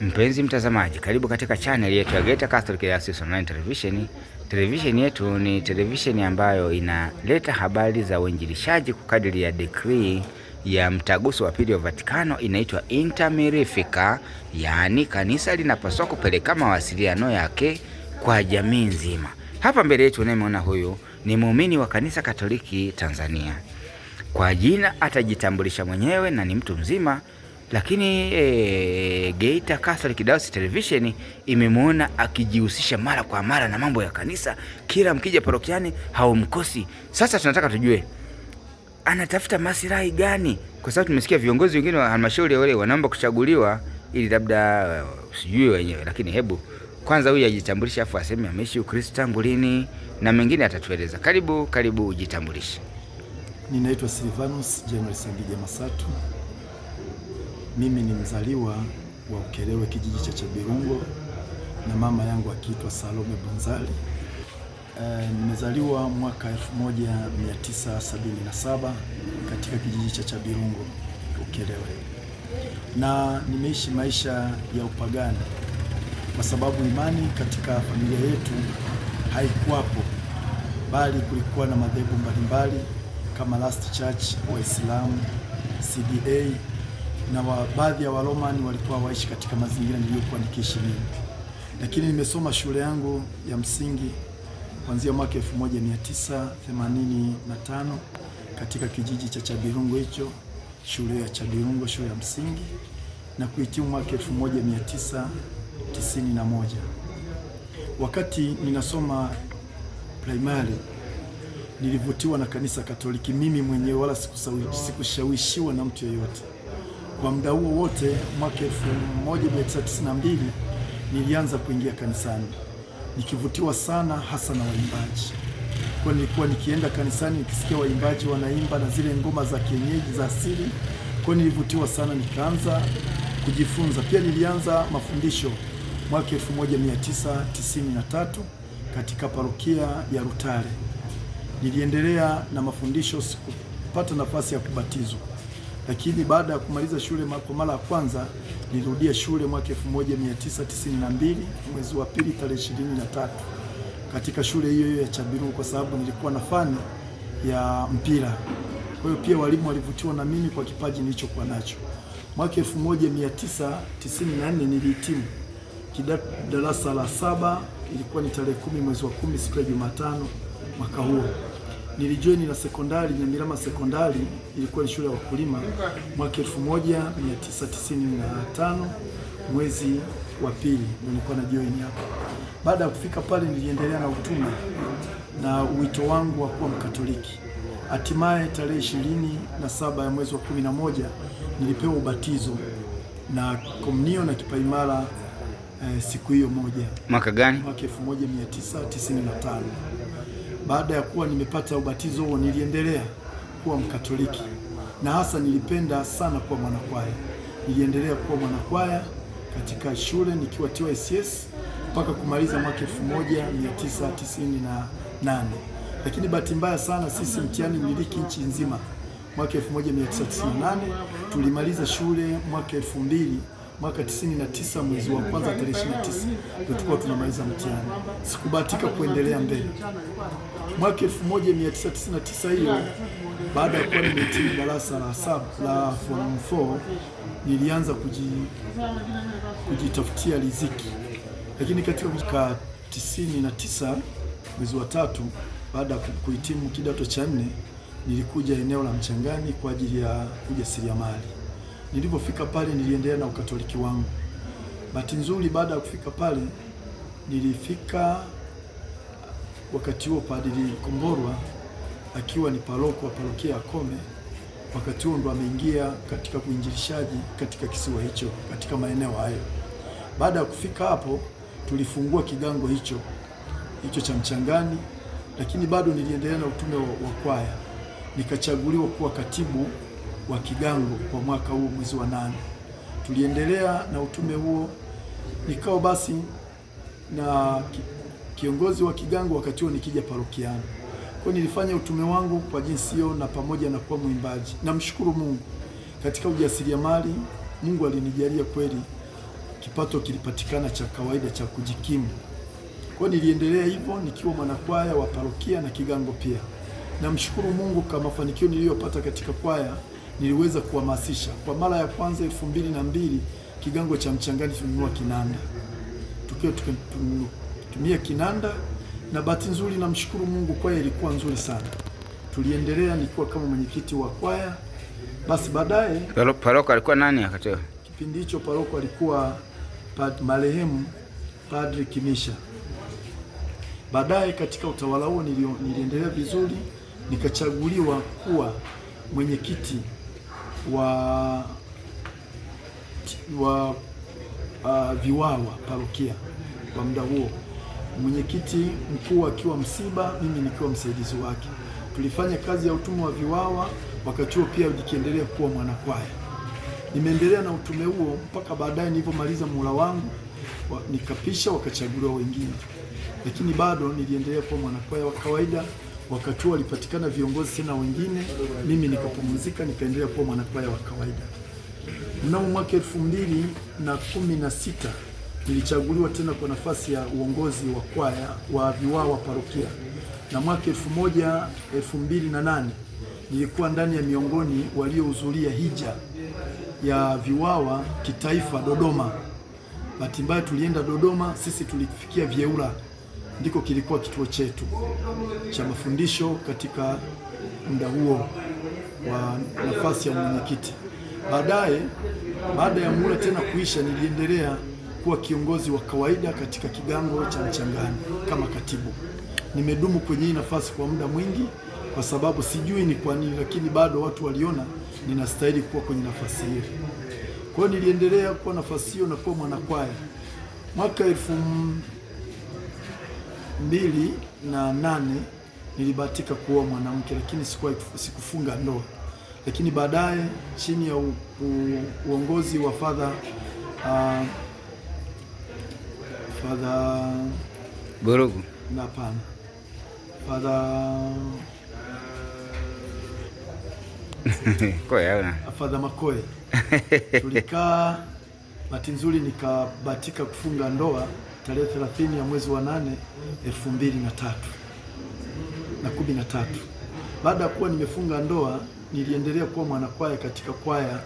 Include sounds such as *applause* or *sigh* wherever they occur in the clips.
Mpenzi mtazamaji, karibu katika channel yetu ya Geita Catholic Diocese Online Television. Televisheni yetu ni televisheni ambayo inaleta habari za uinjilishaji kukadiri ya decree ya mtaguso wa pili wa Vatikano inaitwa Inter Mirifica, yaani kanisa linapaswa kupeleka mawasiliano yake kwa jamii nzima. Hapa mbele yetu unayemwona huyu ni muumini wa kanisa Katoliki Tanzania. Kwa jina atajitambulisha mwenyewe na ni mtu mzima lakini e, Geita Catholic Diocese Television imemwona akijihusisha mara kwa mara na mambo ya kanisa, kila mkija parokiani haumkosi. Sasa tunataka tujue anatafuta masilahi gani, kwa sababu tumesikia viongozi wengine wa halmashauri wale wanaomba kuchaguliwa ili labda uh, sijui wenyewe, lakini hebu kwanza huyu ajitambulishe, afu aseme ameishi Ukristo tangu lini na mengine atatueleza. Karibu karibu, ujitambulishe. Ninaitwa Silvanus January Sangija Masatu mimi ni mzaliwa wa Ukerewe, kijiji cha chabirungo na mama yangu akiitwa Salome Bunzali. E, nimezaliwa mwaka 1977 katika kijiji cha chabirungo Ukerewe, na nimeishi maisha ya upagani kwa sababu imani katika familia yetu haikuwapo, bali kulikuwa na madhehebu mbalimbali kama Last Church, Waislamu, CDA na wa, baadhi ya Waromani walikuwa waishi katika mazingira niliyokuwa nikiishi mimi, lakini nimesoma shule yangu ya msingi kuanzia mwaka tano katika kijiji cha Chabirungo, hicho shule ya Chabirungo, shule ya msingi na kuhitimu mwaka 1991. Wakati ninasoma primary nilivutiwa na kanisa Katoliki mimi mwenyewe, wala sikushawishiwa na mtu yeyote. Kwa muda huo wote mwaka 1992 nilianza kuingia kanisani nikivutiwa sana hasa na waimbaji kwa nilikuwa nikienda kanisani nikisikia waimbaji wanaimba na zile ngoma za kienyeji za asili. Kwa nilivutiwa sana nikaanza kujifunza. Pia nilianza mafundisho mwaka 1993 katika parokia ya Rutare. Niliendelea na mafundisho, sikupata nafasi ya kubatizwa lakini baada ya kumaliza shule kwa mara ya kwanza nilirudia shule mwaka 1992 mwezi wa pili tarehe 23 katika shule hiyo hiyo ya Chabiru kwa sababu nilikuwa na fani ya mpira. Kwa hiyo pia walimu walivutiwa na mimi kwa kipaji nilichokuwa nacho. Mwaka 1994 nilihitimu darasa la saba, ilikuwa ni tarehe kumi mwezi wa kumi siku ya Jumatano mwaka huo nilijoini na sekondari Nyamirama sekondari, ilikuwa ni shule ya wakulima mwaka 1995 mwezi wa pili nilikuwa na join hapo. Baada ya kufika pale, niliendelea na utume na wito wangu wa kuwa Mkatoliki. Hatimaye tarehe ishirini na saba ya mwezi wa kumi na moja nilipewa ubatizo na komnio na kipaimara eh, siku hiyo moja. Mwaka gani? Mwaka 1995. Baada ya kuwa nimepata ubatizo huo, niliendelea kuwa Mkatoliki na hasa nilipenda sana kuwa mwanakwaya. Niliendelea kuwa mwanakwaya katika shule nikiwa TYCS mpaka kumaliza mwaka 1998 lakini bahati mbaya sana sisi mtihani miliki nchi nzima mwaka 1998 tulimaliza shule mwaka mbili mwaka 99 mwezi wa kwanza tarehe 29 ndio tulikuwa tunamaliza mtihani. Sikubahatika kuendelea mbele. Mwaka 1999 hiyo, baada ya kuwa nimehitimu darasa la saba la form 4 nilianza kuji kujitafutia riziki, lakini katika mwaka 99 mwezi wa tatu baada ya kuhitimu kidato cha nne nilikuja eneo la Mchangani kwa ajili ya ujasiriamali. Nilipofika pale niliendelea na ukatoliki wangu. Bahati nzuri, baada ya kufika pale nilifika wakati huo Padri Komborwa akiwa ni paroko wa parokia ya Kome, wakati huo ndo ameingia katika uinjilishaji katika kisiwa hicho, katika maeneo hayo. Baada ya kufika hapo, tulifungua kigango hicho hicho cha Mchangani, lakini bado niliendelea na utume wa kwaya, nikachaguliwa kuwa katibu wa Kigango kwa mwaka huu mwezi wa nane. Tuliendelea na utume huo nikao basi na kiongozi wa Kigango wakati huo nikija parokiani. Kwa nilifanya utume wangu kwa jinsi hiyo na pamoja na kuwa mwimbaji. Namshukuru Mungu katika ujasiriamali, Mungu alinijalia kweli kipato kilipatikana cha kawaida cha kujikimu. Kwa niliendelea hivyo nikiwa mwanakwaya wa parokia na Kigango pia. Namshukuru Mungu kwa mafanikio niliyopata katika kwaya niliweza kuhamasisha kwa mara ya kwanza elfu mbili na mbili kigango cha mchangani tulinunua kinanda tukiwa tukitumia kinanda, na bahati nzuri, namshukuru Mungu, kwaya ilikuwa nzuri sana. Tuliendelea, nikiwa kama mwenyekiti wa kwaya. Basi baadaye paroko alikuwa nani akatoa kipindi hicho? Paroko alikuwa pad, marehemu Padri Kimisha. Baadaye katika utawala huo niliendelea vizuri, nikachaguliwa kuwa mwenyekiti wa, wa uh, Viwawa parokia kwa muda huo, mwenyekiti mkuu akiwa Msiba, mimi nikiwa msaidizi wake. Tulifanya kazi ya utume wa Viwawa wakati huo pia ujikiendelea kuwa mwanakwaya. Nimeendelea na utume huo mpaka baadaye nilipomaliza muhula wangu wa, nikapisha wakachaguliwa wengine, lakini bado niliendelea kuwa mwanakwaya wa kawaida. Wakati huo walipatikana viongozi tena wengine, mimi nikapumzika, nikaendelea kuwa mwanakwaya wa kawaida. Mnamo mwaka elfu mbili na kumi na sita nilichaguliwa tena kwa nafasi ya uongozi wa kwaya wa viwaa wa parokia, na mwaka elfu moja elfu mbili na nane nilikuwa ndani ya miongoni waliohudhuria hija ya viwawa kitaifa Dodoma. Bahati mbaya tulienda Dodoma, sisi tulifikia Vyeula ndiko kilikuwa kituo chetu cha mafundisho katika muda huo wa nafasi ya mwenyekiti. Baadaye, baada ya muda tena kuisha, niliendelea kuwa kiongozi wa kawaida katika kigango cha Mchangani kama katibu. Nimedumu kwenye hii nafasi kwa muda mwingi, kwa sababu sijui ni kwa nini, lakini bado watu waliona ninastahili kuwa kwenye nafasi hiyo. Kwa hiyo niliendelea kuwa nafasi hiyo na kuwa mwanakwaya mwaka elfu mbili na nane nilibahatika kuoa mwanamke, lakini sikuwa sikufunga ndoa. Lakini baadaye chini ya u, u, uongozi wa fadha uh, fadha Borogu *laughs* na pana fadha fadha Makoe *laughs* tulikaa, bahati nzuri nikabahatika kufunga ndoa tarehe 30 ya mwezi wa nane elfu mbili na tatu na kumi na tatu. Baada ya kuwa nimefunga ndoa, niliendelea kuwa mwanakwaya katika kwaya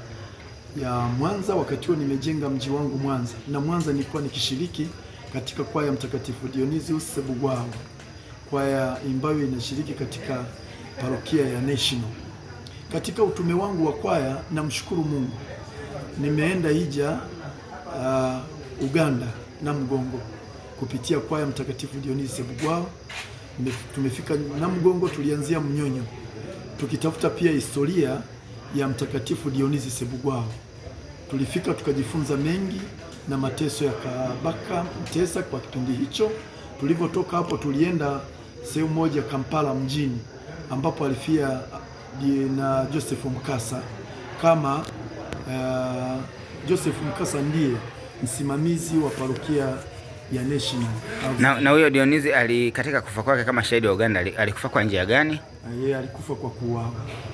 ya Mwanza. Wakati huo nimejenga mji wangu Mwanza, na Mwanza nilikuwa nikishiriki katika kwaya Mtakatifu Dionysius Sebugwao, kwaya ambayo inashiriki katika parokia ya National. Katika utume wangu wa kwaya, namshukuru Mungu, nimeenda hija uh, Uganda Namgongo kupitia kwaya Mtakatifu Dionisi Bugwao. Tumefika na mgongo tulianzia Mnyonyo tukitafuta pia historia ya Mtakatifu Dionisi Sebugwao. Tulifika tukajifunza mengi na mateso ya Kabaka Mtesa kwa kipindi hicho. Tulivyotoka hapo, tulienda sehemu moja Kampala mjini, ambapo alifia na Joseph mkasa kama uh, Joseph Mkasa ndiye msimamizi wa parokia ya National. Na, na huyo Dionizi alikatika kufa kwake kama shahidi wa Uganda alikufa kwa njia gani? Yeye alikufa kwa kuuawa.